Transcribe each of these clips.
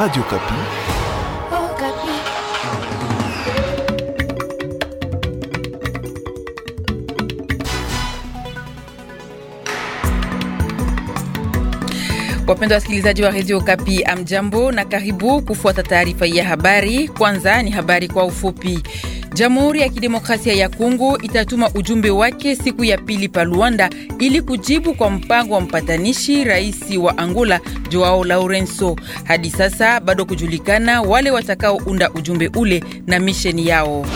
Radio Kapi. Oh, Kapi. Wapendwa wasikilizaji wa Radio Kapi, amjambo na karibu kufuata taarifa ya habari. Kwanza ni habari kwa ufupi. Jamhuri ya Kidemokrasia ya Kongo itatuma ujumbe wake siku ya pili pa Luanda ili kujibu kwa mpango wa mpatanishi rais wa Angola Joao Laurenso. Hadi sasa bado kujulikana wale watakaounda ujumbe ule na misheni yao.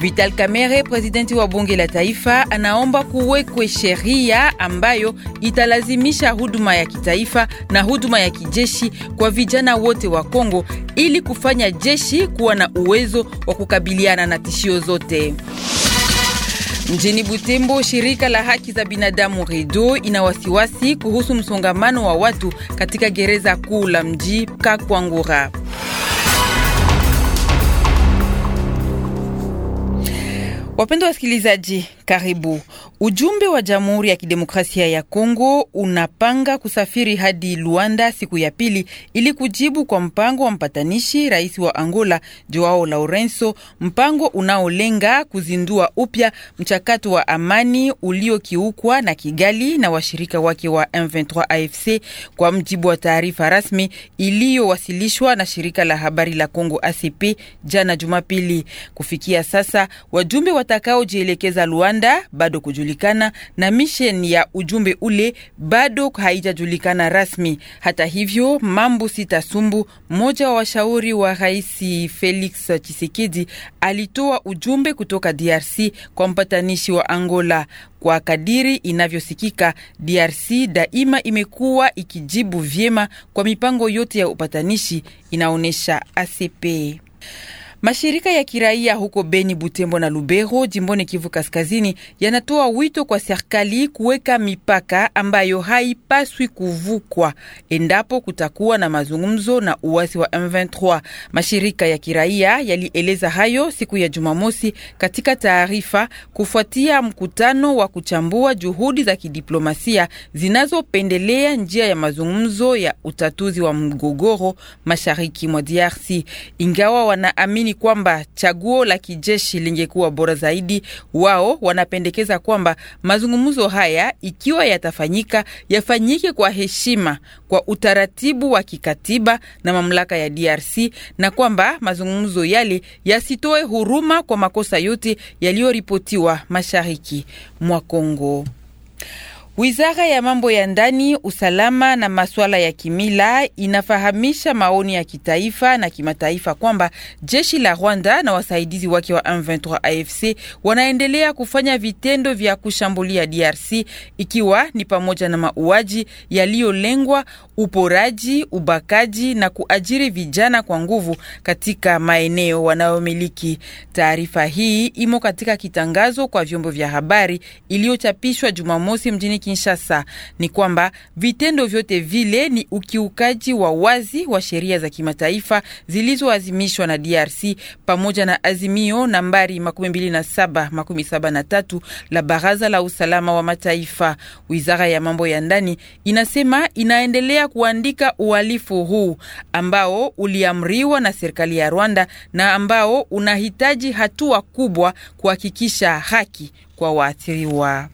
Vital Kamerhe, presidenti wa bunge la taifa, anaomba kuwekwe sheria ambayo italazimisha huduma ya kitaifa na huduma ya kijeshi kwa vijana wote wa Kongo ili kufanya jeshi kuwa na uwezo wa kukabiliana na tishio zote. Mjini Butembo, shirika la haki za binadamu REDO ina wasiwasi kuhusu msongamano wa watu katika gereza kuu la mji Kakwangura. Wapendwa wasikilizaji, karibu. Ujumbe wa Jamhuri ya Kidemokrasia ya Kongo unapanga kusafiri hadi Luanda siku ya pili ili kujibu kwa mpango wa mpatanishi rais wa Angola Joao Laurenso, mpango unaolenga kuzindua upya mchakato wa amani uliokiukwa na Kigali na washirika wake wa M23 AFC, kwa mjibu wa taarifa rasmi iliyowasilishwa na shirika la habari la Kongo ACP jana Jumapili. Kufikia sasa wajumbe wa watakaojielekeza Luanda bado kujulikana, na misheni ya ujumbe ule bado haijajulikana rasmi. Hata hivyo, Mambusi Sitasumbu, mmoja wa washauri wa Rais Felix Tshisekedi, alitoa ujumbe kutoka DRC kwa mpatanishi wa Angola. Kwa kadiri inavyosikika, DRC daima imekuwa ikijibu vyema kwa mipango yote ya upatanishi, inaonyesha ACP. Mashirika ya kiraia huko Beni, Butembo na Lubero jimboni Kivu Kaskazini yanatoa wito kwa serikali kuweka mipaka ambayo haipaswi kuvukwa endapo kutakuwa na mazungumzo na uasi wa M23. Mashirika ya kiraia yalieleza hayo siku ya Jumamosi katika taarifa kufuatia mkutano wa kuchambua juhudi za kidiplomasia zinazopendelea njia ya mazungumzo ya utatuzi wa mgogoro mashariki mwa DRC, ingawa wanaamini wanaamini kwamba chaguo la kijeshi lingekuwa bora zaidi. Wao wanapendekeza kwamba mazungumzo haya, ikiwa yatafanyika, yafanyike kwa heshima, kwa utaratibu wa kikatiba na mamlaka ya DRC, na kwamba mazungumzo yale yasitoe huruma kwa makosa yote yaliyoripotiwa mashariki mwa Kongo. Wizara ya mambo ya ndani, usalama na masuala ya kimila inafahamisha maoni ya kitaifa na kimataifa kwamba jeshi la Rwanda na wasaidizi wake wa M23 AFC wanaendelea kufanya vitendo vya kushambulia DRC ikiwa ni pamoja na mauaji yaliyolengwa, uporaji, ubakaji na kuajiri vijana kwa nguvu katika maeneo wanayomiliki. Taarifa hii imo katika kitangazo kwa vyombo vya habari iliyochapishwa Jumamosi mjini Kinshasa ni kwamba vitendo vyote vile ni ukiukaji wa wazi wa sheria za kimataifa zilizoazimishwa na DRC pamoja na azimio nambari 2773 la Baraza la Usalama wa Mataifa. Wizara ya mambo ya ndani inasema inaendelea kuandika uhalifu huu ambao uliamriwa na serikali ya Rwanda na ambao unahitaji hatua kubwa kuhakikisha haki kwa waathiriwa.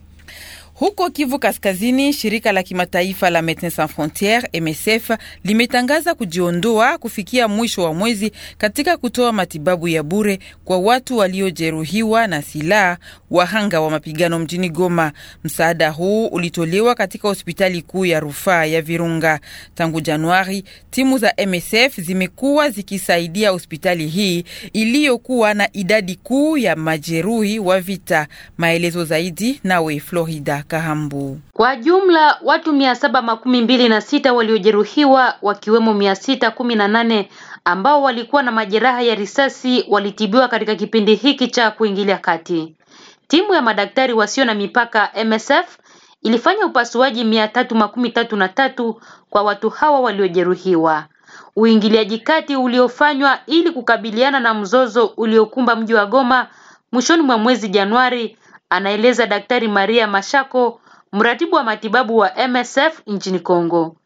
Huko Kivu Kaskazini, shirika la kimataifa la Medecins Sans Frontieres MSF limetangaza kujiondoa kufikia mwisho wa mwezi katika kutoa matibabu ya bure kwa watu waliojeruhiwa na silaha wahanga wa mapigano mjini Goma. Msaada huu ulitolewa katika hospitali kuu ya rufaa ya Virunga. Tangu Januari, timu za MSF zimekuwa zikisaidia hospitali hii iliyokuwa na idadi kuu ya majeruhi wa vita. Maelezo zaidi nawe Florida Kahambu. Kwa jumla watu mia saba makumi mbili na sita waliojeruhiwa wakiwemo mia sita kumi na nane ambao walikuwa na majeraha ya risasi walitibiwa katika kipindi hiki cha kuingilia kati. Timu ya madaktari wasio na mipaka MSF ilifanya upasuaji mia tatu makumi tatu na tatu kwa watu hawa waliojeruhiwa. Uingiliaji kati uliofanywa ili kukabiliana na mzozo uliokumba mji wa Goma mwishoni mwa mwezi Januari anaeleza Daktari Maria Mashako, mratibu wa matibabu wa MSF nchini Kongo.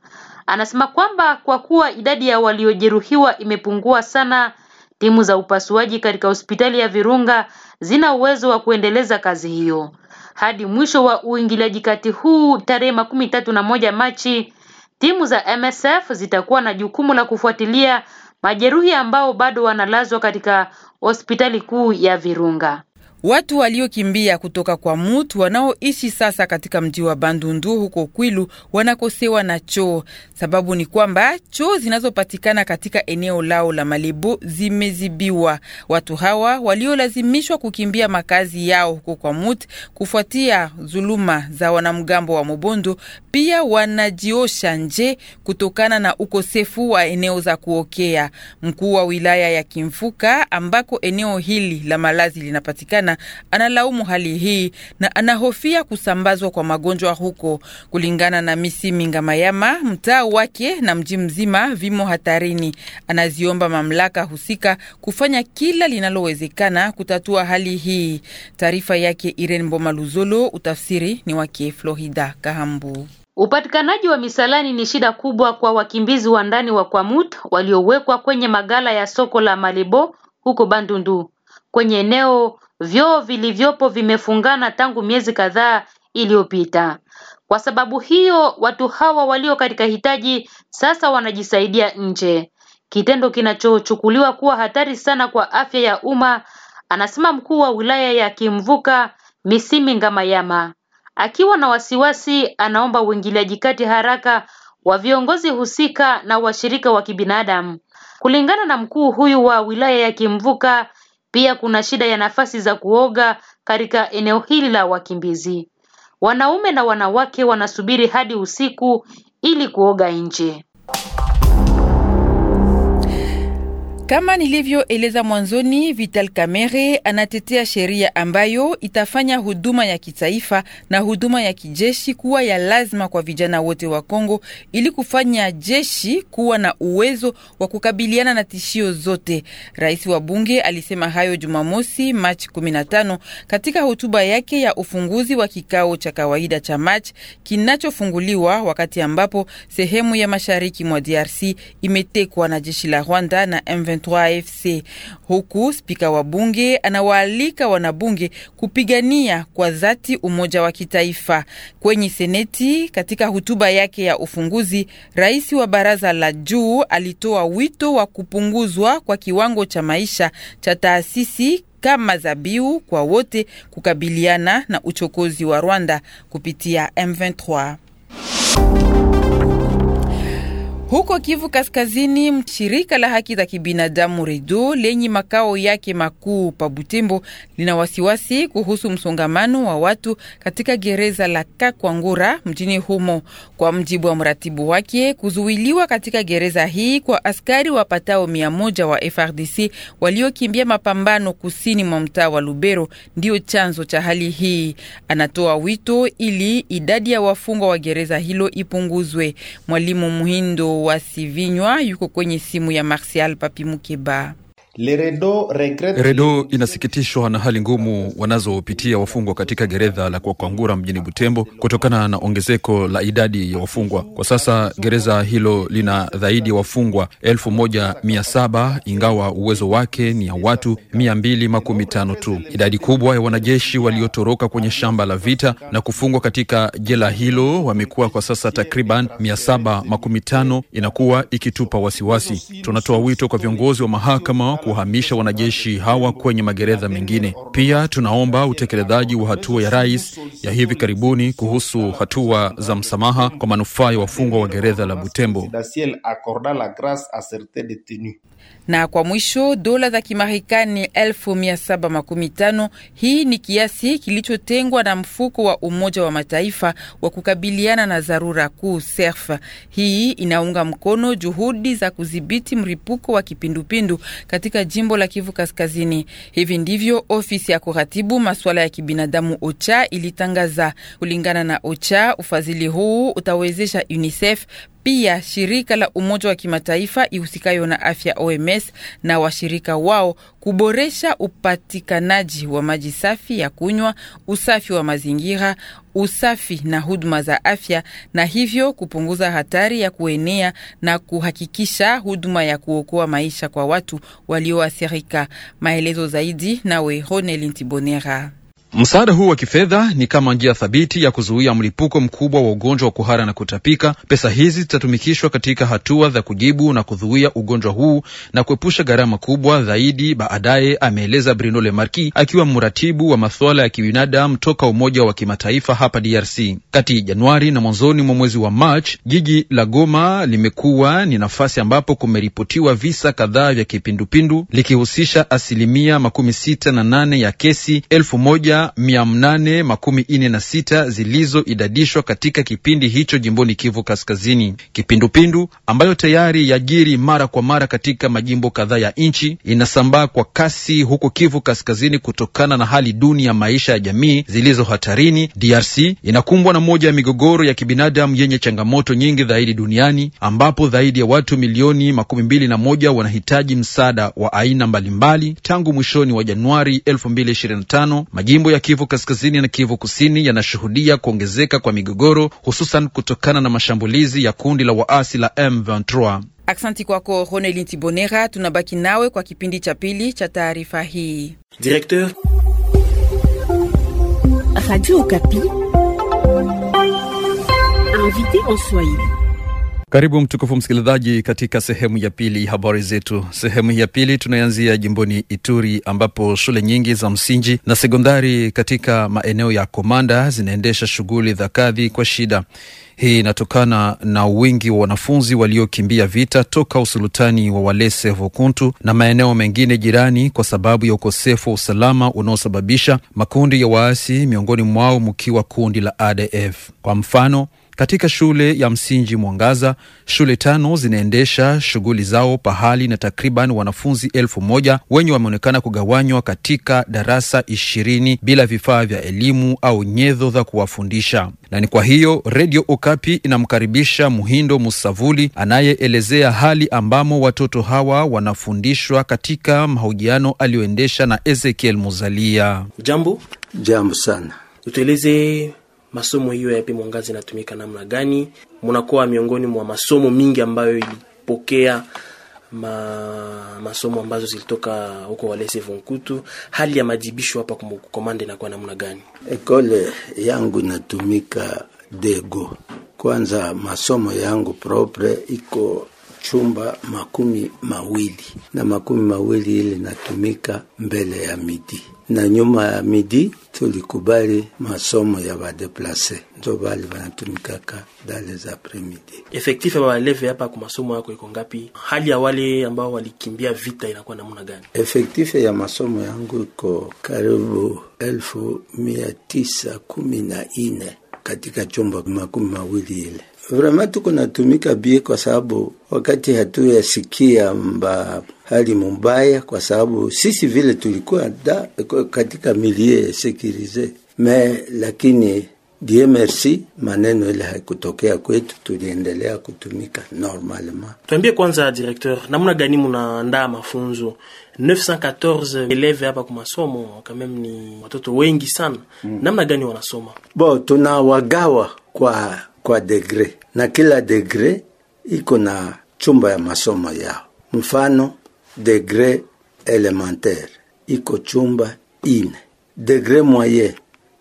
Anasema kwamba kwa kuwa idadi ya waliojeruhiwa imepungua sana, timu za upasuaji katika hospitali ya Virunga zina uwezo wa kuendeleza kazi hiyo hadi mwisho wa uingiliaji kati huu tarehe makumi tatu na moja Machi. Timu za MSF zitakuwa na jukumu la kufuatilia majeruhi ambao bado wanalazwa katika hospitali kuu ya Virunga. Watu waliokimbia kutoka kwa mut wanaoishi sasa katika mji wa Bandundu huko Kwilu wanakosewa na choo. Sababu ni kwamba choo zinazopatikana katika eneo lao la Malibu zimezibiwa. Watu hawa waliolazimishwa kukimbia makazi yao huko kwa mut kufuatia zuluma za wanamgambo wa Mobondo pia wanajiosha nje kutokana na ukosefu wa eneo za kuokea. Mkuu wa wilaya ya Kimfuka ambako eneo hili la malazi linapatikana sana analaumu hali hii na anahofia kusambazwa kwa magonjwa huko. Kulingana na Misi Mingamayama, mtaa wake na mji mzima vimo hatarini. Anaziomba mamlaka husika kufanya kila linalowezekana kutatua hali hii. Taarifa yake Irene luzolo utafsiri ni wake Florida Kahambu. Upatikanaji wa misalani ni shida kubwa kwa wakimbizi wa ndani wa Kwamut waliowekwa kwenye magala ya soko la Malebo huko Bandundu. Kwenye eneo vyoo vilivyopo vimefungana tangu miezi kadhaa iliyopita. Kwa sababu hiyo, watu hawa walio katika hitaji sasa wanajisaidia nje, kitendo kinachochukuliwa kuwa hatari sana kwa afya ya umma, anasema mkuu wa wilaya ya Kimvuka Misimi Ngamayama. Akiwa na wasiwasi, anaomba uingiliaji kati haraka wa viongozi husika na washirika wa kibinadamu. Kulingana na mkuu huyu wa wilaya ya Kimvuka pia kuna shida ya nafasi za kuoga katika eneo hili la wakimbizi. Wanaume na wanawake wanasubiri hadi usiku ili kuoga nje. Kama nilivyoeleza mwanzoni, Vital Kamerhe anatetea sheria ambayo itafanya huduma ya kitaifa na huduma ya kijeshi kuwa ya lazima kwa vijana wote wa Kongo ili kufanya jeshi kuwa na uwezo wa kukabiliana na tishio zote. Rais wa bunge alisema hayo Jumamosi, Machi 15 katika hotuba yake ya ufunguzi wa kikao cha kawaida cha Machi kinachofunguliwa wakati ambapo sehemu ya mashariki mwa DRC imetekwa na jeshi la Rwanda na M23. 23 huku spika wa bunge anawaalika wanabunge kupigania kwa dhati umoja wa kitaifa. Kwenye seneti, katika hotuba yake ya ufunguzi, rais wa baraza la juu alitoa wito wa kupunguzwa kwa kiwango cha maisha cha taasisi kama zabiu kwa wote kukabiliana na uchokozi wa Rwanda kupitia M23. Huko Kivu Kaskazini, shirika la haki za kibinadamu REDO lenye makao yake makuu pa Butembo lina wasiwasi kuhusu msongamano wa watu katika gereza la Kakwangura mjini humo. Kwa mjibu wa mratibu wake, kuzuiliwa katika gereza hii kwa askari wapatao mia moja wa FRDC waliokimbia mapambano kusini mwa mtaa wa Lubero ndiyo chanzo cha hali hii. Anatoa wito ili idadi ya wafungwa wa gereza hilo ipunguzwe. Mwalimu Muhindo wasivinywa yuko kwenye simu ya Martial Papi Mukeba. Redo inasikitishwa na hali ngumu wanazopitia wafungwa katika gereza la Kwakwangura mjini Butembo kutokana na ongezeko la idadi ya wafungwa. Kwa sasa gereza hilo lina zaidi ya wafungwa elfu moja mia saba ingawa uwezo wake ni ya watu mia mbili makumi tano tu. Idadi kubwa ya wanajeshi waliotoroka kwenye shamba la vita na kufungwa katika jela hilo wamekuwa kwa sasa takriban mia saba makumi tano, inakuwa ikitupa wasiwasi. Tunatoa wito kwa viongozi wa mahakama kuhamisha wanajeshi hawa kwenye magereza mengine. Pia tunaomba utekelezaji wa hatua ya rais ya hivi karibuni kuhusu hatua za msamaha kwa manufaa ya wafungwa wa gereza la Butembo na kwa mwisho dola za Kimarekani 1750. Hii ni kiasi kilichotengwa na mfuko wa Umoja wa Mataifa wa kukabiliana na dharura kuu SERF. Hii inaunga mkono juhudi za kudhibiti mripuko wa kipindupindu katika jimbo la Kivu Kaskazini. Hivi ndivyo ofisi ya kuratibu masuala ya kibinadamu OCHA ilitangaza. Kulingana na OCHA, ufadhili huu utawezesha UNICEF pia shirika la Umoja wa Kimataifa ihusikayo na afya OMS na washirika wao kuboresha upatikanaji wa maji safi ya kunywa, usafi wa mazingira, usafi na huduma za afya, na hivyo kupunguza hatari ya kuenea na kuhakikisha huduma ya kuokoa maisha kwa watu walioathirika. Maelezo zaidi nawe Ronelin Tibonera. Msaada huu wa kifedha ni kama njia thabiti ya kuzuia mlipuko mkubwa wa ugonjwa wa kuhara na kutapika. Pesa hizi zitatumikishwa katika hatua za kujibu na kuzuia ugonjwa huu na kuepusha gharama kubwa zaidi baadaye, ameeleza Bruno marki akiwa mratibu wa masuala ya kibinadamu toka Umoja wa Kimataifa hapa DRC. Kati Januari na mwanzoni mwa mwezi wa mach jiji la Goma limekuwa ni nafasi ambapo kumeripotiwa visa kadhaa vya kipindupindu likihusisha asilimia makumi sita na nane ya kesi elfu moja asilimia mia nane makumi nne na sita zilizoidadishwa katika kipindi hicho jimboni Kivu Kaskazini. Kipindupindu ambayo tayari yajiri mara kwa mara katika majimbo kadhaa ya nchi inasambaa kwa kasi huko Kivu Kaskazini kutokana na hali duni ya maisha ya jamii zilizo hatarini. DRC inakumbwa na moja ya migogoro ya kibinadamu yenye changamoto nyingi zaidi duniani ambapo zaidi ya watu milioni makumi mbili na moja wanahitaji msaada wa aina mbalimbali mbali. Tangu mwishoni wa Januari elfu mbili ishirini na tano majimbo Majimbo ya Kivu Kaskazini na Kivu Kusini yanashuhudia kuongezeka kwa migogoro, hususan kutokana na mashambulizi ya kundi la waasi la M23. Aksanti kwako Ronelin Tibonera. Tunabaki nawe kwa kipindi cha pili cha taarifa hii. Directeur Radio Okapi, invité en Swahili. Karibu mtukufu msikilizaji, katika sehemu ya pili habari zetu. Sehemu ya pili tunaanzia jimboni Ituri, ambapo shule nyingi za msingi na sekondari katika maeneo ya Komanda zinaendesha shughuli za kadhi kwa shida. Hii inatokana na wingi wa wanafunzi waliokimbia vita toka usultani wa Walese vokuntu na maeneo mengine jirani, kwa sababu ya ukosefu wa usalama unaosababisha makundi ya waasi, miongoni mwao mkiwa kundi la ADF. Kwa mfano katika shule ya msingi Mwangaza, shule tano zinaendesha shughuli zao pahali na takriban wanafunzi elfu moja wenye wameonekana kugawanywa katika darasa ishirini bila vifaa vya elimu au nyenzo za kuwafundisha. Na ni kwa hiyo Redio Okapi inamkaribisha Muhindo Musavuli anayeelezea hali ambamo watoto hawa wanafundishwa katika mahojiano aliyoendesha na Ezekiel Muzalia. Jambo, jambo sana, tutueleze masomo hiyo ya Pimo Ngazi inatumika namna gani? Mnakuwa miongoni mwa masomo mingi ambayo ilipokea ma, masomo ambazo zilitoka huko Walese Vonkutu. Hali ya majibisho hapa kumkomanda inakuwa namna gani? Ekole yangu inatumika Dego. Kwanza masomo yangu propre iko chumba makumi mawili na makumi mawili ile natumika mbele ya midi na nyuma ya midi tulikubali masomo ya badeplase ndo bali banatumikaka dale za premidi. Efektif ya baeleve hapa kwa masomo yako iko ngapi? Hali ya wale ambao walikimbia vita inakuwa namna gani? Efektif ya masomo yangu iko karibu elfu mia tisa kumi na ine katika chumba makumi mawili ile vrema tuko natumika bie kwa sababu wakati hatuyasikia mba hali mumbaya kwa sababu sisi vile tulikuwa da, katika milie sekirize me, lakini die merci, maneno ile haikutokea kwetu, tuliendelea kutumika normalement. Tuambie kwanza, directeur, namna gani munaandaa mafunzo 914 eleve hapa kwa masomo kamem, ni watoto wengi sana mm. Namna gani wanasoma? Bo, tunawagawa kwa kwa degre na kila degre iko na chumba ya masomo yao. Mfano, degre elementaire iko chumba ine, degre moye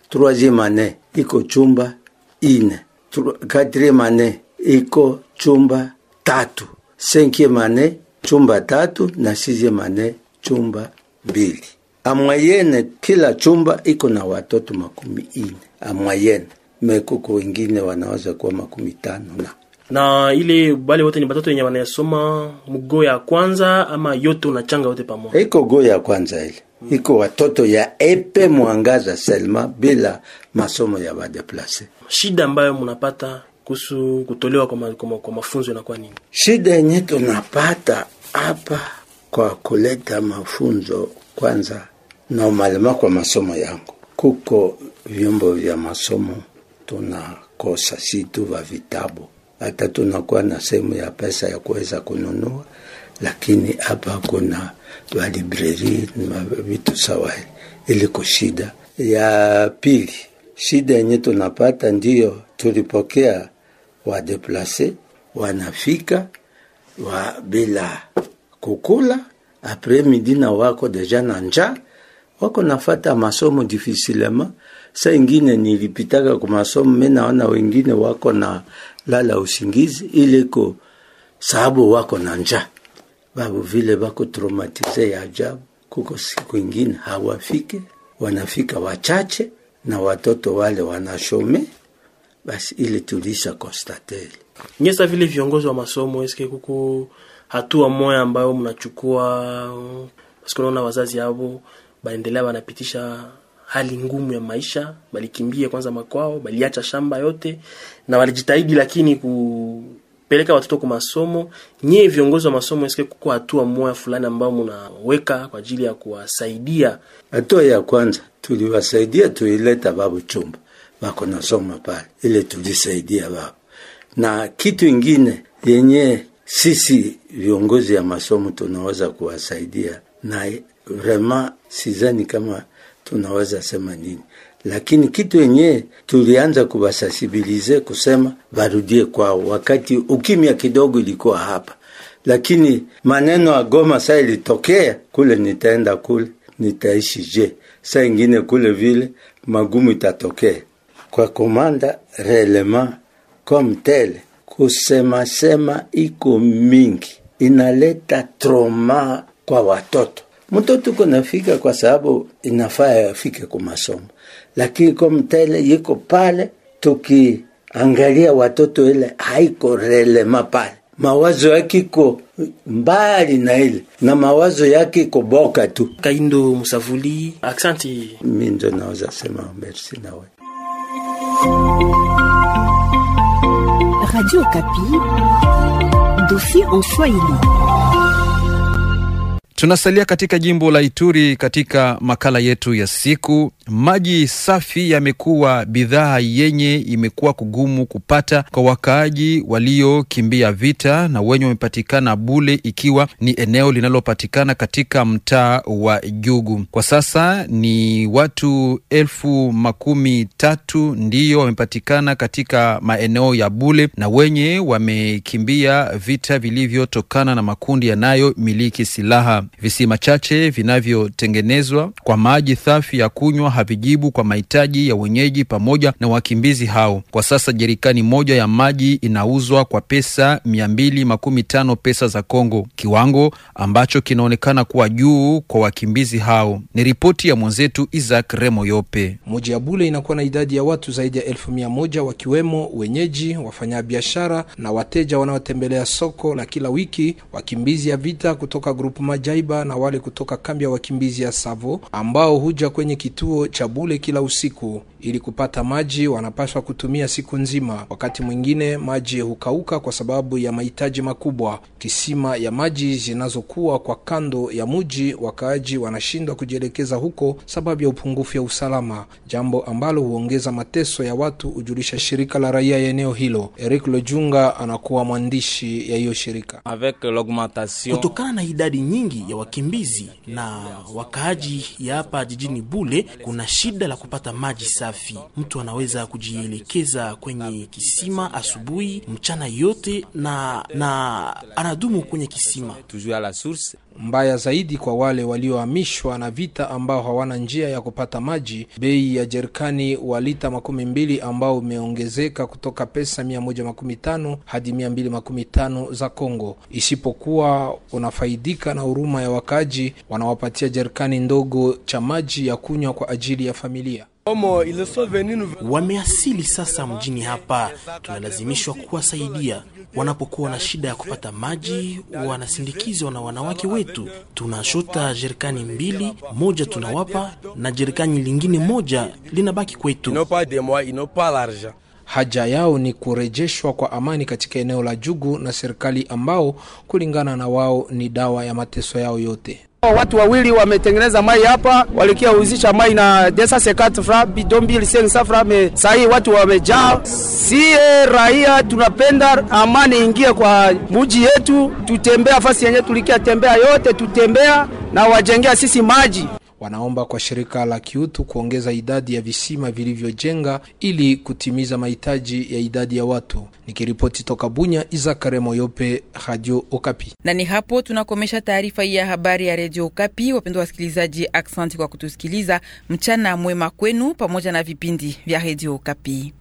troisieme annee iko chumba ine, quatrième annee iko chumba tatu, cinquième annee chumba tatu na sixieme ane chumba mbili. Amwayene kila chumba iko na watoto makumi ine amwayene mekuko wengine wanaweza kuwa makumi tano na na ile bale wote ni batoto yenye wanayasoma mgo ya kwanza ama yote unachanga wote pamoja, iko go ya kwanza ile mm. iko watoto ya epe mwangaza selma bila masomo ya badeplase. Shida ambayo mnapata kuhusu kutolewa kwa, ma, kwa, kwa mafunzo inakuwa nini? Shida yenye tunapata hapa kwa kuleta mafunzo kwanza, na umalema kwa masomo yangu, kuko vyombo vya masomo tunakosa si tu va vitabu, hata tunakuwa na sehemu ya pesa ya kuweza kununua, lakini hapa kuna valibreri na vitu sawa, ili shida ya pili. Shida yenye tunapata ndiyo tulipokea wadeplase wanafika wa bila kukula apres midi na wako deja na njaa, wako nafata masomo difisilema sa ingine nilipitaka kumasomo, mimi naona wengine wako na lala usingizi ile ko sababu wako na njaa, babu vile bako traumatize ya ajabu. Kuko siku ingine hawafike, wanafika wachache na watoto wale wanashome. Basi ile tulisha konstatele nyesa vile viongozi wa masomo, eske kuko hatua moya ambayo mnachukua, basi kunaona wazazi hao baendelea wanapitisha hali ngumu ya maisha, walikimbia kwanza makwao, waliacha shamba yote na walijitahidi, lakini kupeleka watoto kwa masomo. Nyie viongozi wa masomo, sike kuko hatua moja fulani ambayo mnaweka kwa ajili ya kuwasaidia? Hatua ya kwanza tuliwasaidia, tuileta babu chumba bako nasoma pale, ile tulisaidia babu. Na kitu ingine yenye sisi viongozi ya masomo tunaweza kuwasaidia na vraiment sizani kama tunaweza sema nini? Lakini kitu yenyewe tulianza kuwasensibilize kusema varudie kwao, wakati ukimya kidogo ilikuwa hapa, lakini maneno ya Goma saa ilitokea kule, nitaenda kule nitaishi je? Saa ingine kule vile magumu itatokea kwa komanda relema komtele kusemasema iko mingi inaleta troma kwa watoto Mtoto nafika kwa sababu inafaa afike kwa masomo, lakini kama tele yiko pale, tukiangalia watoto ile haiko relema pale, mawazo yake iko mbali na ile na mawazo yake iko boka tu. Kaindo Musavuli, aksanti. Mimi ndo naweza sema merci nawe. Radio Kapi, dossier en Swahili. Tunasalia katika jimbo la Ituri katika makala yetu ya siku Maji safi yamekuwa bidhaa yenye imekuwa kugumu kupata kwa wakaaji waliokimbia vita na wenye wamepatikana Bule, ikiwa ni eneo linalopatikana katika mtaa wa Jugu. Kwa sasa ni watu elfu makumi tatu ndiyo wamepatikana katika maeneo ya Bule na wenye wamekimbia vita vilivyotokana na makundi yanayomiliki silaha. Visima chache vinavyotengenezwa kwa maji safi ya kunywa havijibu kwa mahitaji ya wenyeji pamoja na wakimbizi hao. Kwa sasa jerikani moja ya maji inauzwa kwa pesa mia mbili makumi tano pesa za Kongo, kiwango ambacho kinaonekana kuwa juu kwa wakimbizi hao. Ni ripoti ya mwenzetu Isaac Remo Yope. Moja ya Bule inakuwa na idadi ya watu zaidi ya elfu mia moja wakiwemo wenyeji, wafanyabiashara na wateja wanaotembelea soko la kila wiki, wakimbizi ya vita kutoka grupu Majaiba na wale kutoka kambi ya wakimbizi ya Savo ambao huja kwenye kituo cha Bule kila usiku. Ili kupata maji wanapaswa kutumia siku nzima, wakati mwingine maji hukauka kwa sababu ya mahitaji makubwa. Kisima ya maji zinazokuwa kwa kando ya muji, wakaaji wanashindwa kujielekeza huko sababu ya upungufu ya usalama, jambo ambalo huongeza mateso ya watu, hujulisha shirika la raia ya eneo hilo. Eric Lojunga anakuwa mwandishi ya hiyo shirika. Kutokana na idadi nyingi ya wakimbizi na wakaaji ya hapa jijini Bule kuna kuna shida la kupata maji safi. Mtu anaweza kujielekeza kwenye kisima asubuhi, mchana yote na, na anadumu kwenye kisima mbaya zaidi kwa wale waliohamishwa na vita ambao hawana njia ya kupata maji. Bei ya jerikani wa lita makumi mbili ambao imeongezeka kutoka pesa mia moja makumi tano hadi mia mbili makumi tano za Kongo, isipokuwa unafaidika na huruma ya wakaaji, wanawapatia jerikani ndogo cha maji ya kunywa kwa ajili ya familia. Wameasili sasa mjini hapa, tunalazimishwa kuwasaidia wanapokuwa na shida ya kupata maji. Wanasindikizwa na wanawake wetu, tunashota jerikani mbili, moja tunawapa na jerikani lingine moja linabaki kwetu. Haja yao ni kurejeshwa kwa amani katika eneo la Jugu na serikali ambao kulingana na wao ni dawa ya mateso yao yote. Watu wawili wametengeneza mai hapa, walikia uzisha mai na desa sekat fra bidon mbili sen safra me sahi, watu wamejaa. Sie raia tunapenda amani ingie kwa muji yetu, tutembea fasi yenye tulikia tembea yote tutembea na wajengea sisi maji Wanaomba kwa shirika la kiutu kuongeza idadi ya visima vilivyojenga ili kutimiza mahitaji ya idadi ya watu. Nikiripoti toka Bunya, Izakare Moyope, Radio Okapi. Na ni hapo tunakomesha taarifa hii ya habari ya Radio Okapi. Wapendwa wasikilizaji, aksanti kwa kutusikiliza. Mchana mwema kwenu pamoja na vipindi vya Radio Okapi.